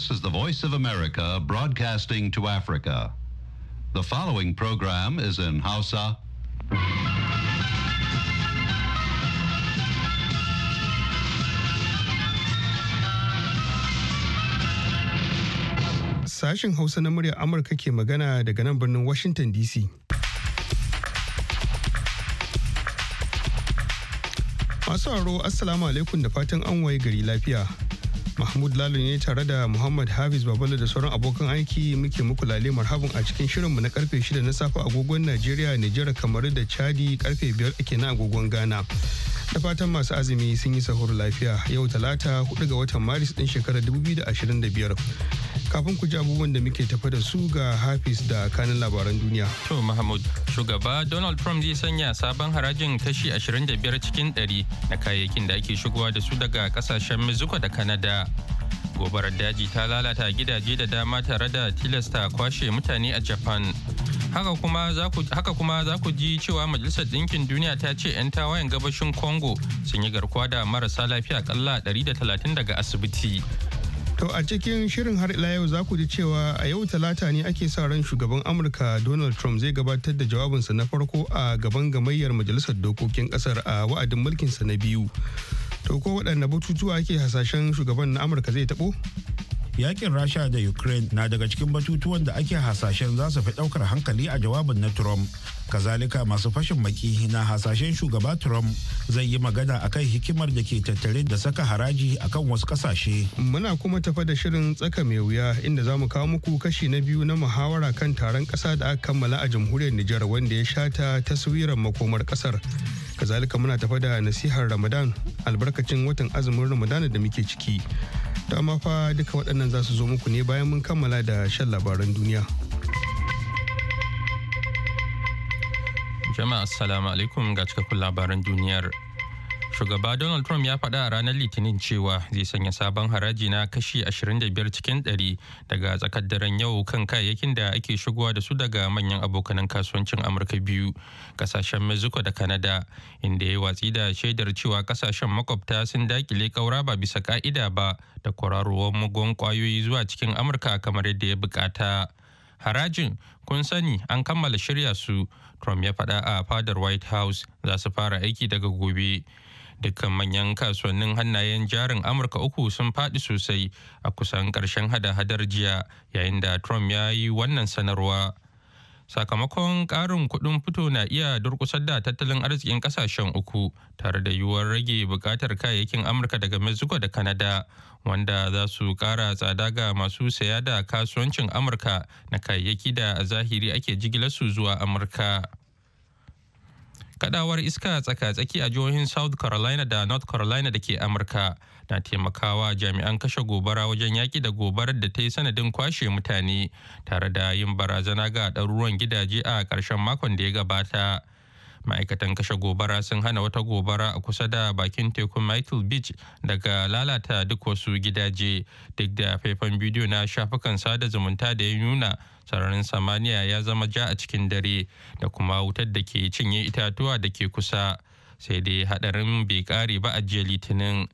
This is the Voice of America broadcasting to Africa. The following program is in Hausa. Sashen Hausa na muryar Amurka ke magana daga nan birnin Washington DC. Masu haro Assalamu alaikum da fatan an waye gari lafiya. Mahmud Lalo ne tare da Muhammad Hafiz Babala da sauran abokan aiki muke muku lale marhabin a cikin shirin mu na karfe 6 na safe agogon Najeriya, Nijar, kamar da Chadi karfe 5 ake na agogon Ghana. Da fatan masu azumi sun yi sahur lafiya yau talata 4 ga watan Maris din shekarar 2025. kafin ku ji abubuwan da muke tafa da su ga hafiz da kanin labaran duniya. To Mahmud, shugaba Donald Trump zai sanya sabon harajin kashi 25 cikin 100 na kayayyakin da ake shigowa da su daga kasashen Mexico da Canada. Gobarar daji ta lalata gidaje da dama tare da tilasta kwashe mutane a Japan. Haka kuma za ku ji cewa Majalisar Ɗinkin Duniya ta ce 'yan tawayen gabashin Congo sun yi garkuwa da marasa lafiya kalla 130 daga asibiti. To a cikin shirin har ila yau za ku ji cewa a yau talata ne ake sa ran shugaban Amurka Donald Trump zai gabatar da jawabinsa na farko a gaban gamayyar majalisar dokokin kasar a wa'adin mulkinsa na biyu. To ko waɗanne batutuwa ake hasashen shugaban na Amurka zai taɓo? yakin rasha da ukraine na daga cikin batutuwan da ake hasashen za su fi daukar hankali a jawabin na trump kazalika masu fashin maki na hasashen shugaba trump zai yi magana akan hikimar da ke tattare da saka haraji akan wasu kasashe muna kuma tafa da shirin tsaka mai wuya inda za mu kawo muku kashi na biyu na muhawara kan taron kasa da aka kammala a jamhuriyar nijar wanda ya shata taswirar makomar kasar kazalika muna tafa da nasihar ramadan albarkacin watan azumin ramadan da muke ciki dama fa duka waɗannan za su zo muku ne bayan mun kammala da shan labaran duniya. Jama'a assalamu alaikum ga cikakkun labaran duniyar. Shugaba Donald Trump ya faɗa a ranar Litinin cewa zai sanya sabon haraji na kashi 25 cikin 100 daga tsakar daren yau kan kayayyakin da ake shigowa da su daga manyan abokanan kasuwancin Amurka biyu, kasashen Mexico da Canada, inda ya watsi da shaidar cewa kasashen makwabta sun dakile kaura ba bisa ka'ida ba da kwararowar mugun kwayoyi zuwa cikin Amurka kamar yadda ya bukata. harajin kun sani an kammala shirya su trump ya faɗa a fadar white house za su fara aiki daga gobe dukkan manyan kasuwannin hannayen jarin amurka uku sun faɗi sosai a kusan ƙarshen hada-hadar jiya yayin da trump ya yi wannan sanarwa sakamakon ƙarin kuɗin fito na iya durƙusar da tattalin arzikin ƙasashen uku tare da yiwuwar rage buƙatar kayayyakin amurka daga mexico da canada wanda za su ƙara tsada ga masu saya da kasuwancin amurka na kayayyaki da a zahiri ake jigilar zuwa amurka Kadawar iska tsaka-tsaki a jihohin South Carolina da North Carolina da ke Amurka na taimakawa jami'an kashe gobara wajen yaƙi da gobarar da ta yi sanadin kwashe mutane tare da yin barazana ga ɗaruruwan gidaje a ƙarshen makon da ya gabata. ma'aikatan kashe gobara sun hana wata gobara a kusa da bakin tekun michael beach daga lalata duk wasu gidaje duk da faifan bidiyo na shafukan sada zumunta da ya nuna sararin samaniya ya zama ja a cikin dare da kuma wutar da ke cinye itatuwa da ke kusa sai dai hadarin bai kare ba a jiya litinin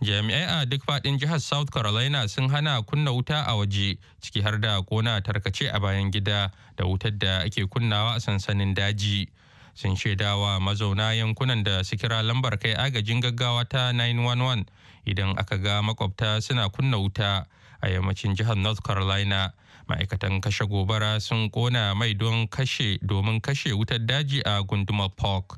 jami'ai a duk fadin jihar south carolina sun hana kunna wuta a waje ciki har da kona tarkace a bayan gida da wutar da ake kunnawa a sansanin daji sun shaidawa mazauna yankunan da su kira lambar kai agajin gaggawa ta 911 idan aka ga makwabta suna kunna wuta a yammacin jihar north carolina ma'aikatan kashe gobara sun kona mai don kashe domin kashe wutar daji a gundumar park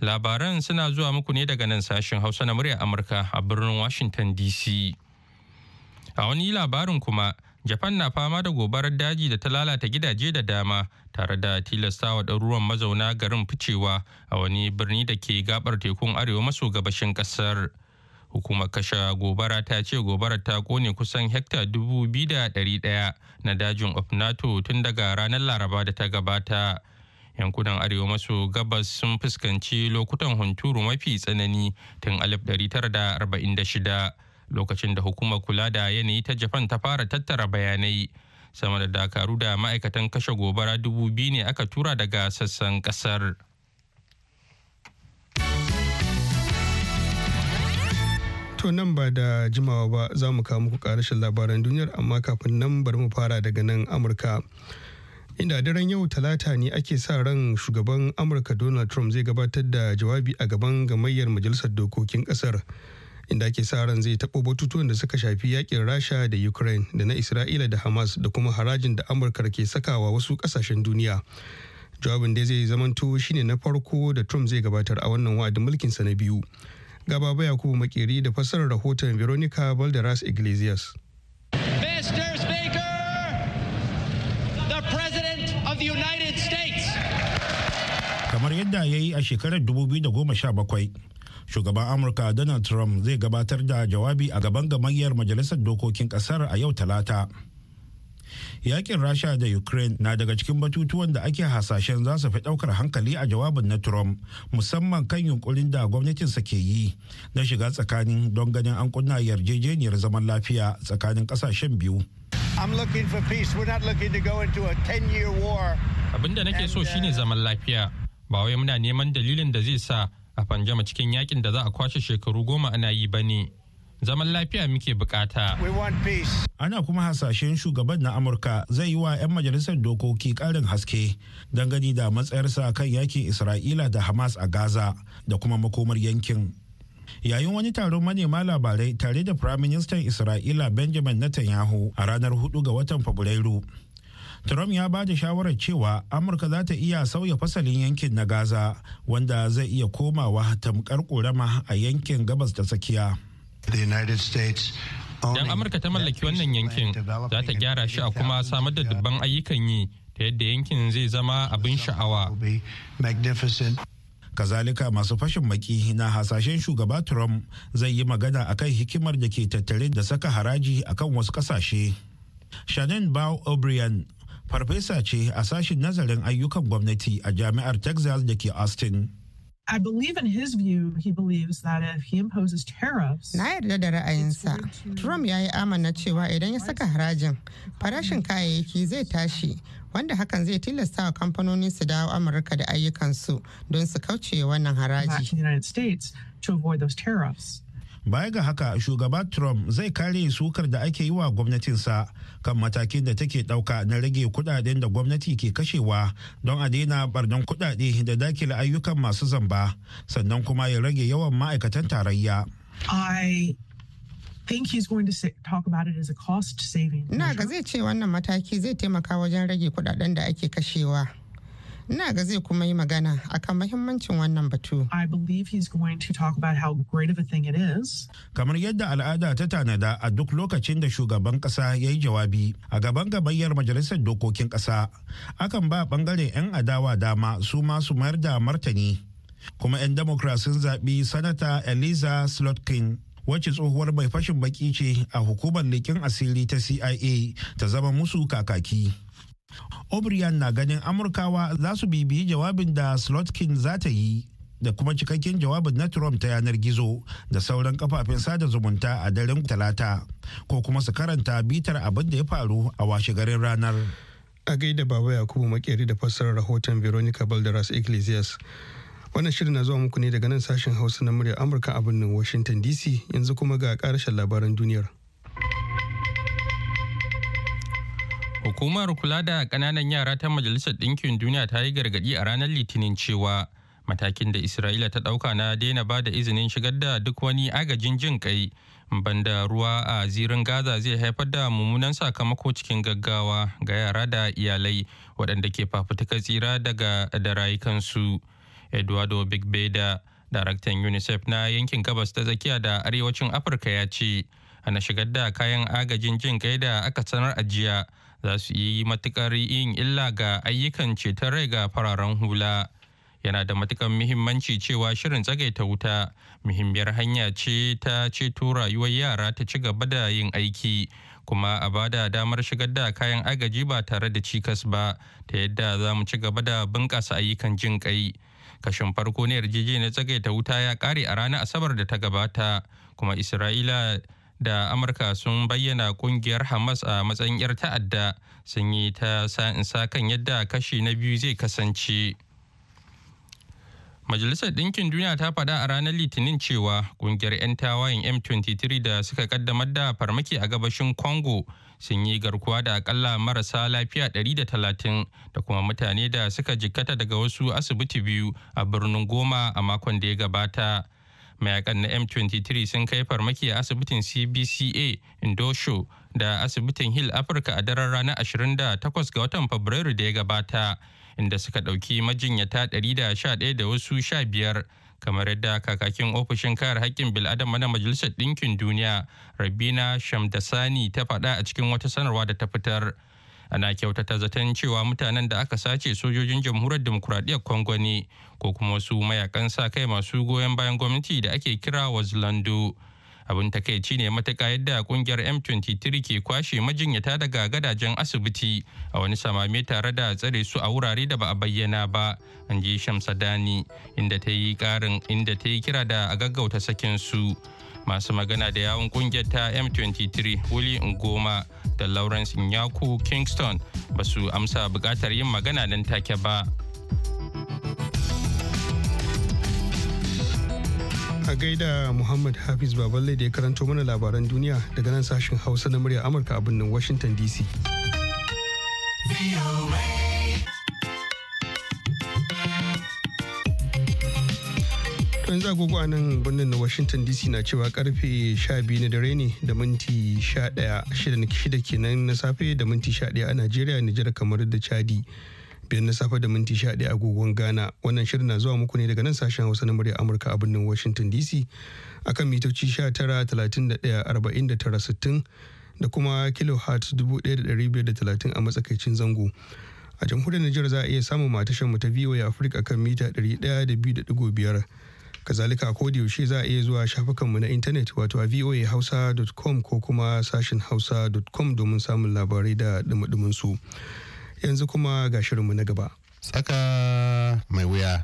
labaran suna zuwa muku ne daga nan sashen hausa na murya amurka a birnin washington dc a wani labarin kuma japan na fama da gobarar daji da ta lalata gidaje da dama tare da tilasta tilastawa ɗaruruwan mazauna garin ficewa a wani birni da ke gabar tekun arewa maso gabashin ƙasar hukumar kashe gobara ta ce gobarar ta kone kusan hekta dubu da ɗaya na dajin of nato tun daga ranar laraba da ta gabata yankunan arewa maso gabas sun fuskanci lokutan hunturu mafi tsanani tun 1946 lokacin da hukumar kula da yanayi ta japan ta fara tattara bayanai sama da dakaru da ma'aikatan kashe gobara dubu biyu ne aka tura daga sassan kasar to nan ba da jimawa ba za mu kawo muku karashin labaran duniyar amma kafin nan bari mu fara daga nan amurka inda daren yau talata ne ake sa ran shugaban amurka donald trump zai gabatar da jawabi a gaban gamayyar majalisar dokokin kasar inda ake sa ran zai taɓo batutuwan da suka shafi yakin rasha da ukraine da na isra'ila da hamas da kuma harajin da amurka ke sakawa wasu ƙasashen duniya jawabin da zai zamanto shine na farko da trump zai gabatar a wannan wa'adin mulkinsa na biyu gaba baya kuma makeri da fassarar rahoton veronica balderas iglesias Kamar yadda ya yi a shekarar 2017, shugaban amurka donald trump zai gabatar da jawabi a gaban gamayyar majalisar dokokin kasar a yau talata yakin rasha da ukraine na daga cikin batutuwan da ake hasashen za su fi daukar hankali a jawabin na trump musamman kan yunkurin da gwamnatinsa ke yi na shiga tsakanin don ganin an kunna yarjejeniyar zaman lafiya tsakanin kasashen biyu abinda nake so shine uh, zaman lafiya ba wai muna neman dalilin da zai sa a fanjama cikin yakin da za a kwashe shekaru goma ana yi ba ne zaman lafiya muke bukata. Ana kuma hasashen shugaban na Amurka zai yi wa 'yan majalisar dokoki karin haske gani da matsayarsa kan yakin Isra'ila da Hamas a Gaza da kuma makomar yankin. Yayin wani taron manema labarai tare da Firaministan Isra'ila Benjamin Netanyahu a ranar 4 ga watan Fabrairu. Trump ya ba da shawarar cewa Amurka za ta iya sauya fasalin yankin na Gaza wanda zai iya komawa tamkar ƙorama a yankin gabas da tsakiya. Idan Amurka ta mallaki wannan yankin za ta gyara shi a kuma samar da dubban ayyukan yi ta yadda yankin zai zama abin sha'awa. kazalika masu fashin maki na hasashen shugaba trump zai yi magana akan hikimar da ke tattare da saka haraji akan wasu kasashe shannon bao o'brien farfesa ce a sashin nazarin ayyukan gwamnati a jami'ar Texas da ke Austin. I believe in his view, he believes that if he imposes tariffs. Na yarda da ra'ayinsa. Trump ya yi amana cewa idan ya saka harajin, farashin kayayyaki zai tashi, wanda hakan zai tilasta wa kamfanoni su dawo Amurka da ayyukansu don su kauce wannan haraji. baya ga haka shugaba trump zai kare sukar da ake yi wa gwamnatinsa kan matakin da take dauka na rage kudaden da gwamnati ke kashewa don a daina barnan kudade da dakila ayyukan masu zamba sannan kuma ya rage yawan ma'aikatan tarayya na ga zai ce wannan mataki zai taimaka wajen rage kudaden da ake kashewa. Ina ga zai kuma yi magana akan mahimmancin wannan batu. I believe he's going to talk about how great of a thing it is. Kamar yadda al'ada ta tanada a duk lokacin da shugaban kasa ya yi jawabi a gaban gabayyar majalisar dokokin kasa, akan ba bangare 'yan adawa dama su ma su mayar da martani. Kuma 'yan Democrat sun zaɓi Sanata Eliza Slotkin wacce tsohuwar mai fashin baki ce a hukumar leƙen asiri ta CIA ta zama musu kakaki. O'Brien na ganin Amurkawa za su bibiyi jawabin da Slotkin za ta yi da kuma cikakken jawabin na Trump ta yanar gizo da sauran kafafen sada zumunta a daren talata ko kuma su karanta bitar abin da ya faru a washegarin ranar. A gaida Baba Yakubu Makeri da fassarar rahoton Veronica Balderas Iglesias. Wannan shirin na zuwa muku ne daga nan sashen Hausa na murya Amurka a birnin Washington DC yanzu kuma ga karshen labaran duniyar. Hukumar kula da ƙananan yara ta Majalisar Ɗinkin Duniya ta yi gargaɗi a ranar Litinin cewa matakin da Isra'ila ta ɗauka na daina ba da izinin shigar da duk wani agajin jin ƙai banda ruwa a zirin Gaza zai haifar da mummunan sakamako cikin gaggawa ga yara da iyalai waɗanda ke fafutukar tsira daga da rayukansu. Eduardo Bigbeda, daraktan UNICEF na yankin gabas ta tsakiya da arewacin Afirka ya ce, ana shigar da kayan agajin jin kai da aka sanar a jiya za su yi matukar yin illa ga ayyukan ceton rai ga fararen hula yana da matukar muhimmanci cewa shirin tsagaita wuta muhimmiyar hanya ce ta ceto rayuwar yara ta ci gaba da yin aiki kuma a bada damar shigar da kayan agaji ba tare da cikas ba ta yadda za mu ci gaba da bunƙasa ayyukan jin ƙai kashin farko ne yarjejeniyar tsagaita wuta ya ƙare a ranar asabar da ta gabata kuma isra'ila da amurka sun bayyana kungiyar hamas a matsayin 'yar ta'adda sun yi ta sa kan yadda kashi na biyu zai kasance majalisar ɗinkin duniya ta faɗa a ranar litinin cewa kungiyar 'yan tawayen m23 da suka kaddamar da farmaki a gabashin congo sun yi garkuwa da akalla marasa lafiya 130 da kuma mutane da suka jikkata daga wasu asibiti biyu a birnin goma a makon da ya gabata mayakan na m23 sun kai farmaki a asibitin cbca indosho da asibitin hill africa a daren ranar 28 ga watan fabrairu da ya gabata inda suka ɗauki majinyata 111 da wasu 15 kamar yadda kakakin ofishin kare haƙƙin bil'adama na majalisar ɗinkin duniya rabina shamdasani ta faɗa a cikin wata sanarwa da ta fitar. ana kyautata zaton cewa mutanen da aka sace sojojin jamhuriyar demokuraɗiyyar congo ne ko kuma wasu mayakan sa kai masu goyon bayan gwamnati da ake kira wazlando abin takaici ne matuka yadda kungiyar m23 ke kwashe majinyata daga gadajen asibiti a wani samame tare da tsare su a wurare da ba a bayyana ba an ji shamsadani inda ta yi kira da a gaggauta sakin su masu magana da yawon kungiyar ta m23 wuli ngoma da lawrence nyaku kingston ba su amsa bukatar yin magana nan take ba a gaida muhammad hafiz baballe da ya karanto mana labaran duniya daga nan sashen hausa na murya amurka a birnin washington dc yanzu agogo a nan birnin na washington dc na cewa karfe 12 na dare ne da minti 11 kenan na safe da minti 11 a najeriya nijar kamar da chadi biyar na safe da minti 11 agogon ghana wannan shirin na zuwa muku ne daga nan sashen hausa na murya amurka a birnin washington dc akan mitoci 19 31 da kuma kilohertz 1530 a matsakaicin zango a jamhuriyar Nijar za a iya samun matashin mu ta VOA Africa kan mita 102.5 Kazalika ko da yaushe za a iya zuwa shafukanmu na intanet wato a voahausa.com ko kuma sashin hausa.com domin samun labarai da dumadumin su. Yanzu kuma ga shirinmu na gaba. Tsaka mai wuya.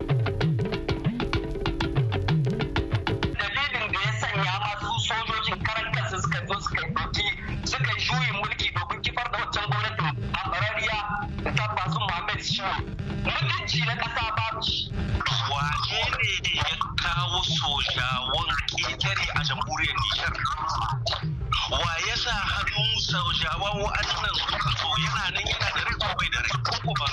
cewa wa'annan suka zo yana nan yana da rai da rai ko ba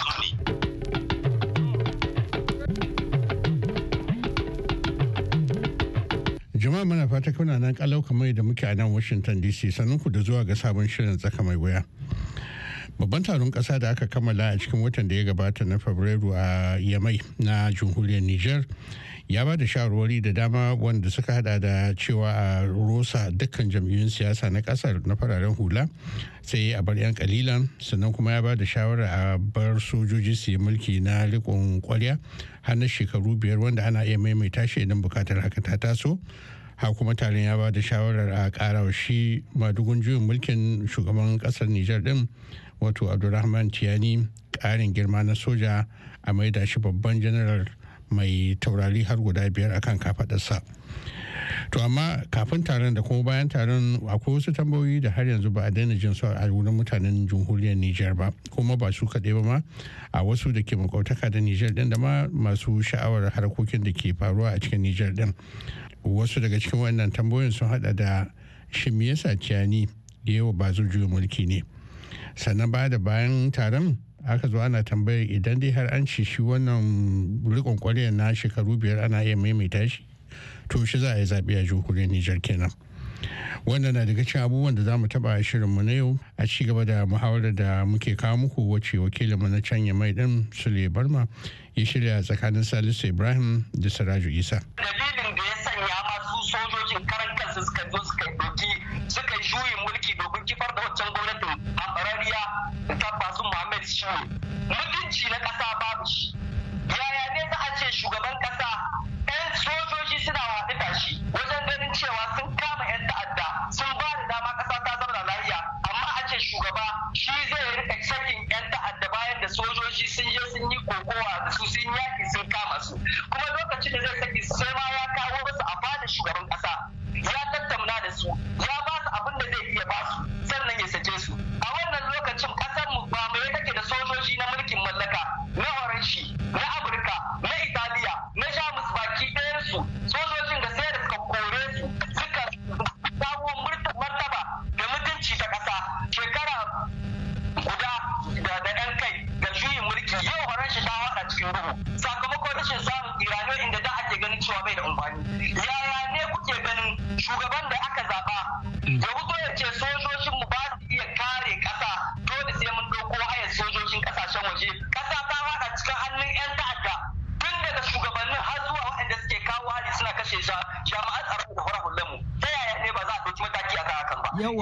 jama'a muna fata kuna nan kalau kamar da muke a nan washington dc sannan da zuwa ga sabon shirin tsaka mai wuya babban taron kasa da aka kammala a cikin watan da ya gabata na fabrairu a yamai na jamhuriyar niger ya ba da shawarwari da dama wanda suka hada da cewa a rosa dukkan jam'iyyun siyasa na kasar na fararen hula sai a bar 'yan kalilan sannan kuma ya ba da shawara a bar sojoji su yi mulki na rikon kwarya har na shekaru biyar wanda ana iya maimaita shi idan bukatar haka ta taso ha kuma taron ya ba da shawarar a kara shi madugun juyin mulkin shugaban kasar nijar din wato abdulrahman tiyani karin girma na soja a maida shi babban janaral mai taurari har guda biyar akan kafadarsa to amma kafin taron da kuma bayan taron akwai wasu tambayoyi da har yanzu ba a daina jin su a wurin mutanen jamhuriyar niger ba kuma ba su kaɗai ba ma a wasu da ke makautaka da niger din da ma masu sha'awar harkokin da ke faruwa a cikin niger din wasu daga cikin wannan tambayoyin sun hada da shin me yasa ciyani da yawa ba juyin mulki ne sannan ba da bayan taron aka zo ana tambayar idan dai har an ci shi wannan rikon kwaliyar na shekaru biyar ana iya maimaita shi to shi za a yi zaɓe a jihohin Nijar kenan. wannan na daga cikin abubuwan da za mu taɓa a shirin mu na yau a ci gaba da muhawarar da muke kawo muku wacce wakilinmu na can mai din sule barma ya shirya tsakanin salisu ibrahim da siraju isa dalilin da ya sanya masu sojojin karan kansu suka zo suka suka yi mulki domin kifar da waccan gwamnatin hambarariya ta basu Muhammad Shehu. Mutunci na ƙasa babu shi. Yaya ne za a ce shugaban ƙasa 'yan sojoji suna waɗi tashi wajen ganin cewa sun kama 'yan ta'adda sun ba da dama ƙasa ta zama lafiya amma a ce shugaba shi zai rika sakin 'yan ta'adda bayan da sojoji sun je sun yi kokowa da su sun yaƙi sun kama su kuma lokacin da zai saki sai ma ya kawo musu a fada shugaban ƙasa ya tattauna da su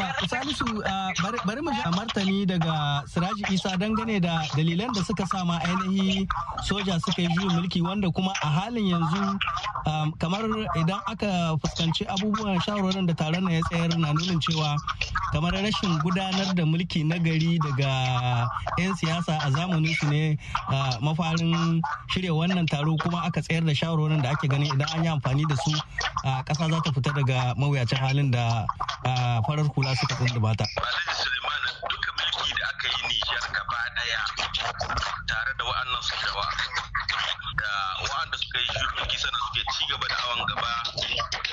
yawa salisu ah, bari mu a martani daga siraji isa dangane da dalilan da suka sa ma ainihi soja suka yi juyin mulki wanda kuma a halin yanzu ah, kamar idan aka fuskanci abubuwan shawarwarin da taron na ya tsayar na nunin cewa kamar rashin gudanar da mulki na gari daga 'yan siyasa a zamanin su ne mafarin shirya wannan taro kuma aka tsayar da shawarwarin da ake ganin idan an yi amfani da su a ƙasa za ta fita daga mawuyacin halin da farar hula suka tsundubata. duka mulki da aka yi Nijar gaba daya tare da wa'annan sojawa da wa'anda suka yi shirin mulki sannan suke ci gaba da awon gaba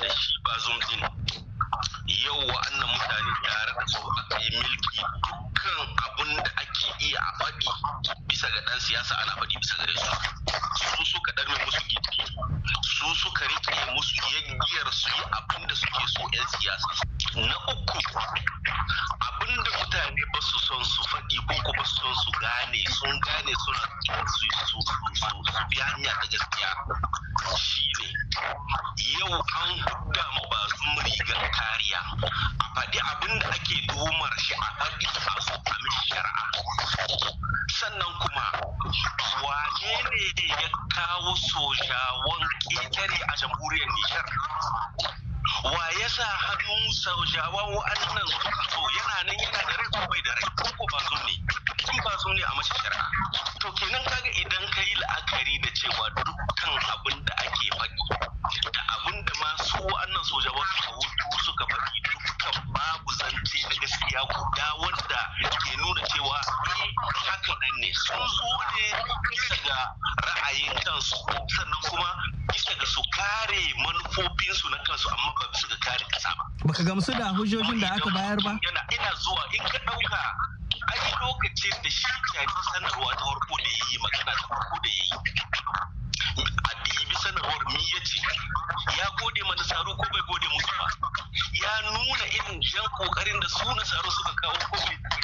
da shi ba zum din yau wa'annan mutane tare siyasa ana faɗi bisa gare su su suka ɗarme musu gidi su suka rike musu yaggiyar su yi abin da suke so 'yan siyasa na uku abin da mutane ba su son su faɗi ko ba su son su gane sun gane suna su su su biya hanya kawo sojawan ƙetare a jamhuriyar Nijar. Wa ya sa hannun sojawan wa'annan suka yana nan yana da rai ko bai da rai ko ko ba ne. kin ba ne a mashi shari'a. To kenan kaga idan ka yi la'akari da cewa dukkan abin da ake faɗi da abin da ma su wa'annan sojawan suka hutu suka faɗi dukkan babu zance na gaskiya guda wanda ke nuna cewa eh, haka nan ne sun zo ne bisa ga ra'ayin kansu sannan kuma bisa ga su kare manufofinsu na kansu amma ba bisa ga kare kasa ba. Baka gamsu da hujjojin da aka bayar ba? Yana ina zuwa in ka ɗauka ai lokacin da shi kyari sanarwa ta farko da ya yi magana ta farko da ya yi. A sanarwar mi ya gode mana saro ko bai gode musu ba. Ya nuna irin jan kokarin da su na saro suka kawo ko bai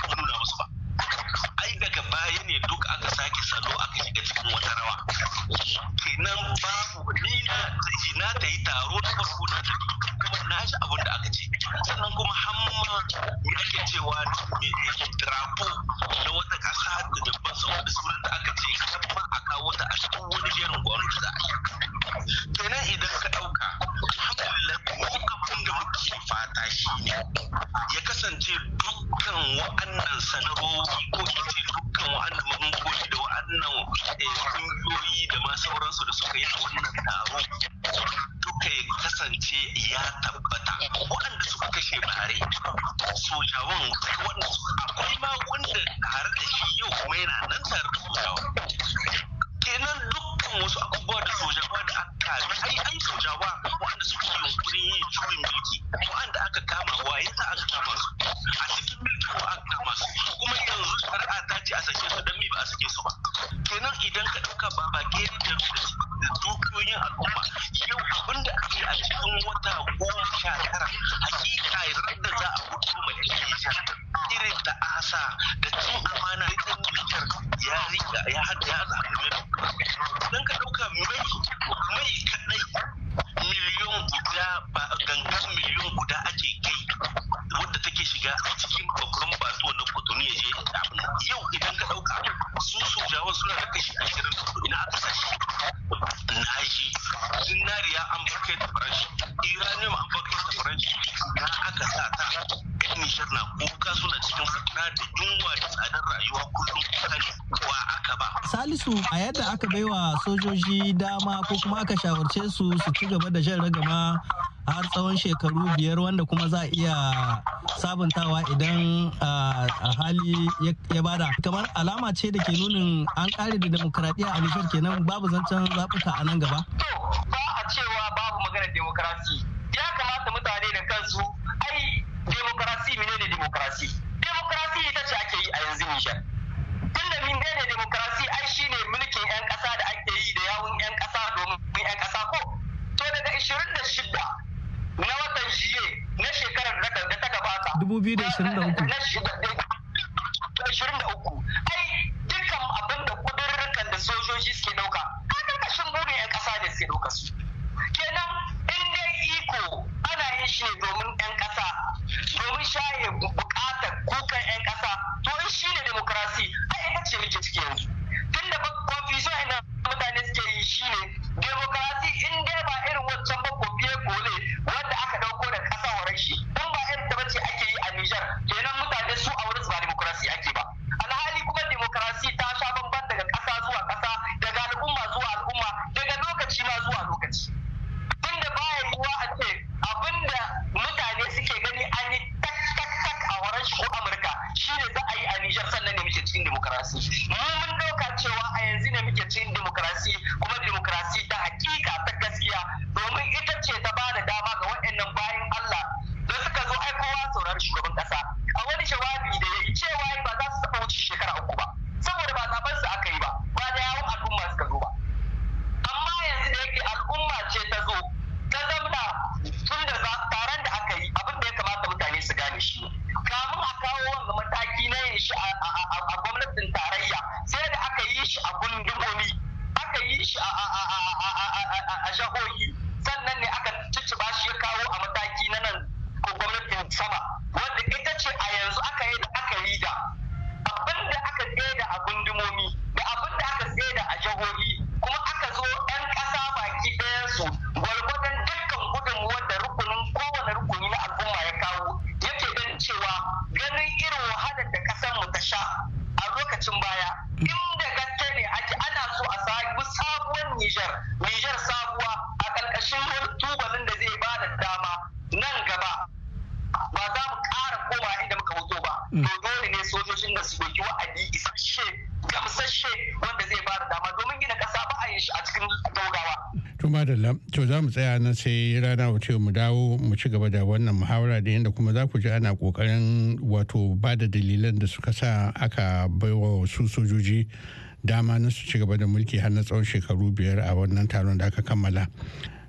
aka wa sojoji dama ko kuma aka shawarce su su ci gaba da jan ragama har tsawon shekaru biyar wanda kuma za a iya sabuntawa idan a hali ya bada kamar alama ce da ke nunin an kare da demokradiyya a nishar kenan babu zancen zaɓuka a nan gaba ba a cewa babu maganar demokrasi ya kamata mutane da kansu ai demokrasi menene demokrasi demokrasi ita ce ake yi a yanzu nishar in da demokrasi ai shine mulkin yan kasa da ake yi da yawun yan kasa domin yan kasa ko to daga 26 na watan jiye na shekarar da ta gabata 2023 ai kudurrukan da sojoji suke ɗauka. yan ƙasa ne suke kenan in iko yi shi domin 'yan ƙasa domin shaye buƙatar kukan 'yan ƙasa to shi ne demokrasi ai ita ce muke ciki yanzu tun da mu ce mu dawo mu ci gaba da wannan muhawara da yadda kuma za ku ji ana kokarin wato ba da dalilan da suka sa aka baiwa su sojoji dama na su ci gaba da mulki har na tsawon shekaru biyar a wannan taron da aka kammala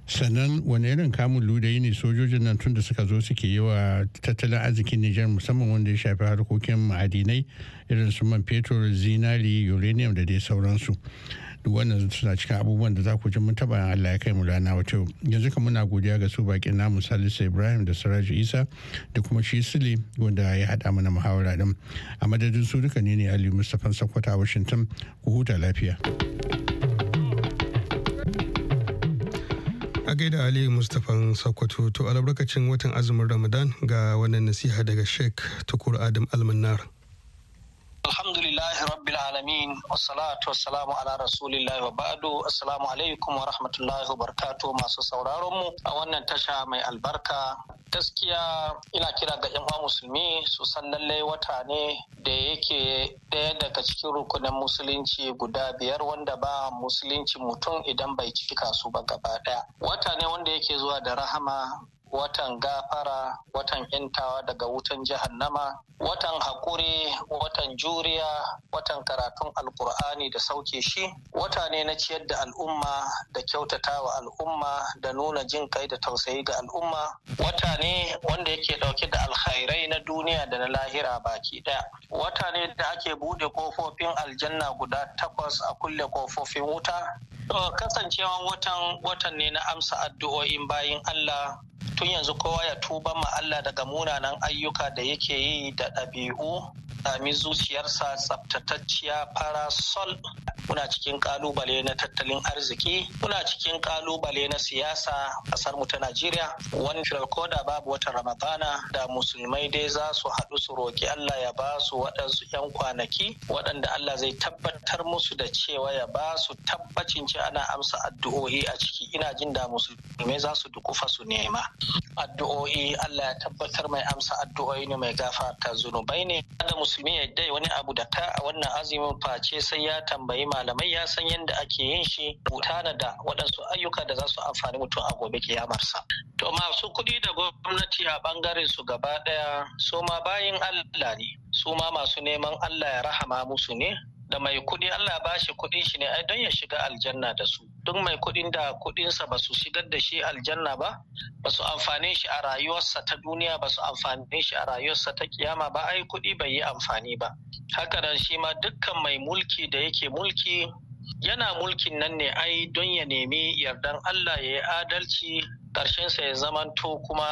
sannan wani irin kamun ludayi ne sojojin nan tun da suka zo suke yi wa tattalin arzikin nijar musamman wanda ya shafi harkokin ma'adinai irin su man fetur zinari uranium da dai sauransu duk wannan suna cikin abubuwan da za ku ji mun taba Allah ya kai mu rana wato yanzu kan muna godiya ga su bakin namu Salisu Ibrahim da Siraju Isa da kuma shi Sule wanda ya hada mana muhawara din a madadin su duka ne ne Ali sokoto a Washington ku huta lafiya a gaida ali mustapha sokoto to albarkacin watan azumin ramadan ga wannan nasiha daga sheikh tukur adam almanar Alhamdulillahi rabbil alamin wassalatu wassalamu ala rasulillahi wa ba'du assalamu alaikum wa rahmatullahi wa barakatu masu sauraron mu a wannan tasha mai albarka gaskiya ina kira ga ‘yan’uwa musulmi su san lallai wata ne da yake ɗaya daga cikin rukunin musulunci guda biyar wanda ba musulunci mutum idan bai cika su ba gaba ɗaya wata ne wanda yake zuwa da rahama watan gafara watan intawa daga wutan jahannama watan haƙuri watan juriya watan karatun alkur'ani da sauke shi wata ne na ciyar da al'umma da kyautata wa al'umma da nuna jin kai da tausayi ga al'umma wata ne wanda yake dauke da alkhairai na duniya da na lahira baki ɗaya wata ne da ake bude kofofin aljanna guda takwas a kulle kofofin wuta kasancewan watan watan ne na amsa addu'o'in bayin allah tun yanzu kowa ya tuba ma Allah daga munanan ayyuka da yake yi da ɗabi'u sami zuciyarsa tsaftatacciya fara sol muna cikin kalubale na tattalin arziki muna cikin kalubale na siyasa kasar mu ta Najeriya wani ko babu watan Ramadana da musulmai dai za su haɗu su roki Allah ya ba su waɗansu 'yan kwanaki waɗanda Allah zai tabbatar musu da cewa ya ba su tabbacin ce ana amsa addu'o'i a ciki ina jin da musulmai za su dukufa su nema addu'o'i Allah ya tabbatar mai amsa addu'o'i ne mai gafarta zunubai ne musulmi ya dai wani abu da ta a wannan azumin face sai ya tambayi malamai ya san yadda ake yin shi tana da waɗansu ayyuka da za su amfani mutum a gobe kiyamarsa. To masu kuɗi da gwamnati a ɓangaren su gaba ɗaya su ma bayin Allah ne, su ma masu neman Allah ya rahama musu ne, da mai kuɗi Allah ba shi kuɗin shi ne ai don ya shiga aljanna da su duk mai kuɗin da kuɗinsa ba su shigar da shi aljanna ba ba su amfane shi a rayuwarsa ta duniya ba su amfane shi a rayuwarsa ta kiyama ba ai kuɗi bai yi amfani ba haka nan shi ma dukkan mai mulki da yake mulki yana mulkin nan ne ai don ya nemi yardan Allah ya yi adalci ƙarshensa ya zamanto kuma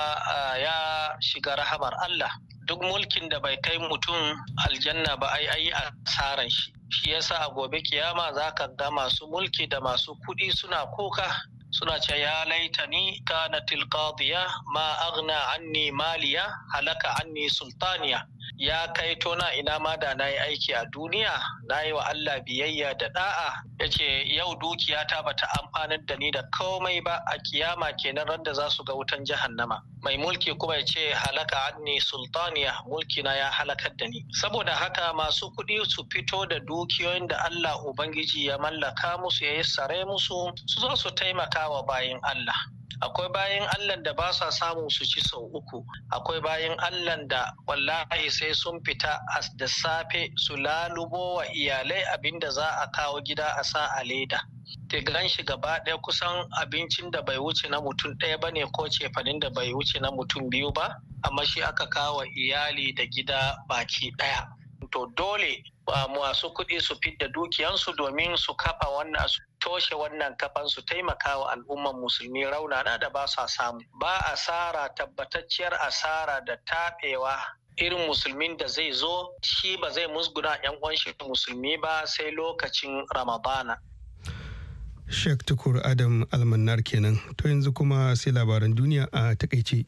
ya shiga rahamar Allah duk mulkin da bai kai mutum aljanna ba ai ai asaran shi shi yasa a gobe kiyama za ka ga masu mulki da masu kuɗi suna kuka suna ce ya laitani kana qadiya ma aghna anni maliya halaka anni sultaniya ya kai tona ina ma da na yi aiki a duniya na yi wa Allah biyayya da da'a ya ce yau dukiya ta bata amfanar da ni da komai ba a kiyama kenan randa za su ga wutan jahannama mai mulki kuma ya ce halaka anni sultaniya mulki na ya halakar da ni saboda haka masu kuɗi su fito da dukiyoyin da Allah ubangiji ya mallaka musu ya yi sare musu su zo su taimaka wa bayin Allah akwai bayan allah da ba sa samun su ci sau uku akwai bayan allah da wallahi sai sun fita da safe su lalubo wa iyalai abinda za a kawo gida a sa a leda ta gan shi gaba ɗaya kusan abincin da bai wuce na mutum ɗaya ba ne ko cefanin da bai wuce na mutum biyu ba amma shi aka kawo iyali da gida baki ɗaya to dole masu kuɗi su fidda dukiyansu domin su kafa wannan su toshe wannan kafan su taimaka wa al'umman musulmi raunana da ba sa samu ba asara tabbatacciyar asara da taɓewa irin musulmin da zai zo shi ba zai musguna 'yan uwan musulmi ba sai lokacin ramadana Sheikh Tukur Adam Almanar kenan to yanzu kuma sai labaran duniya a takaice.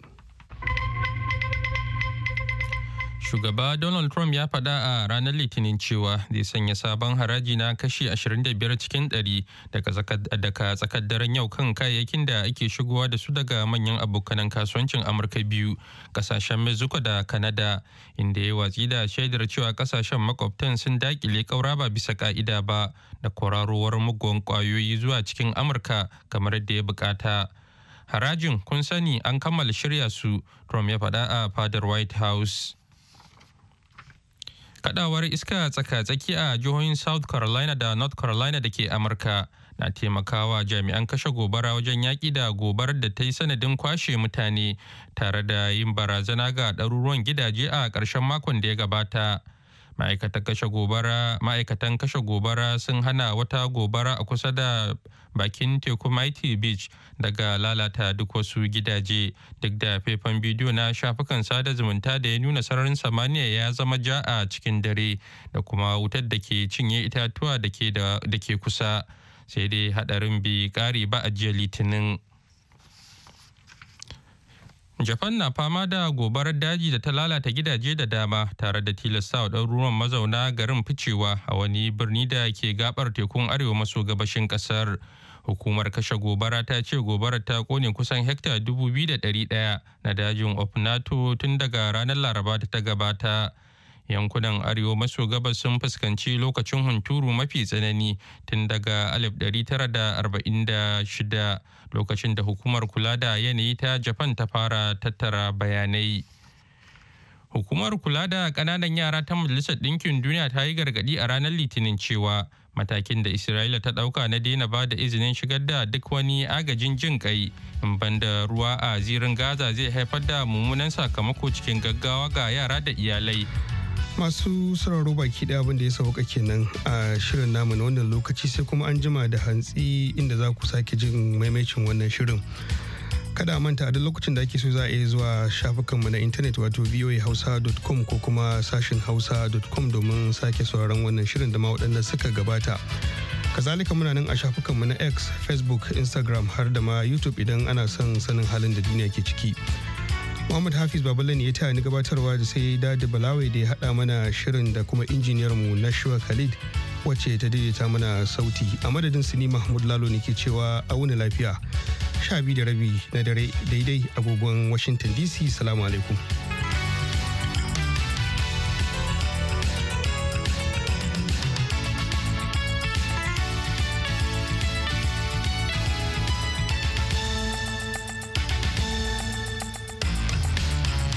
Shugaba Donald Trump ya faɗa a ranar Litinin cewa zai sanya sabon haraji na kashi 25 cikin 100 daga tsakar daren yau kan kayayyakin da ake shigowa da su daga manyan abokanan kasuwancin Amurka biyu, kasashen Mexico da Canada, inda ya watsi da shaidar cewa kasashen makwabtan sun dakile ƙaura ba bisa ka'ida ba da kwararowar mugun kwayoyi zuwa cikin Amurka kamar da ya bukata. Harajin kun sani an kammala shirya su, Trump ya faɗa a fadar White House. Kadawar iska tsaka-tsaki a jihohin South Carolina da North Carolina da ke Amurka na taimakawa jami'an kashe gobara wajen yaƙi da gobarar da ta yi sanadin kwashe mutane tare da yin barazana ga ɗaruruwan gidaje a ƙarshen makon da ya gabata. Ma'aikatan kashe gobara sun hana wata gobara a kusa da bakin teku mighty beach daga lalata duk wasu gidaje duk da faifan bidiyo na shafukan sada zumunta da ya nuna sararin samaniya ya zama ja a cikin dare da kuma wutar da ke cinye itatuwa da ke kusa sai dai hadarin bi kari ba a jiya litinin Japan na fama da gobarar daji da ta lalata gidaje da dama tare da tilasta tilastawa ɗaruruwan mazauna garin ficewa a wani birni da ke gabar tekun arewa maso gabashin ƙasar. Hukumar kashe gobara ta ce gobarar ta kone kusan hekta 2,100 na dajin nato tun daga ranar Laraba ta gabata. yankunan arewa maso gabas sun fuskanci lokacin hunturu mafi tsanani tun daga 1946 lokacin da hukumar kula da yanayi ta japan ta fara tattara bayanai hukumar kula da kananan yara ta majalisar ɗinkin duniya ta yi gargaɗi a ranar litinin cewa matakin da isra'ila ta ɗauka na daina ba da izinin shigar da duk wani agajin jin kai in banda ruwa a zirin gaza zai haifar da mummunan sakamako cikin gaggawa ga yara da iyalai masu sauraro baki da abin da ya sauka kenan a shirin namu na wannan lokaci sai kuma an jima da hantsi inda za ku sake jin maimacin wannan shirin kada a manta da lokacin da ake so za a iya zuwa shafukanmu na intanet wato voahausa.com ko kuma sashin hausa.com domin sake sauraron wannan shirin da ma waɗanda suka gabata kazalika muna nan a shafukanmu na x facebook instagram har da ma youtube idan ana son sanin halin da duniya ke ciki. Muhammad Hafiz Babalan ne ya taya ni gabatarwa da sai Dadi Balawai da ya haɗa mana shirin da kuma injiniyar mu Nashua Khalid wacce ta daidaita mana sauti a madadin su ni Mahmud Lalo ne ke cewa a wuni lafiya. Sha biyu da rabi na dare daidai agogon Washington DC. Salamu alaikum.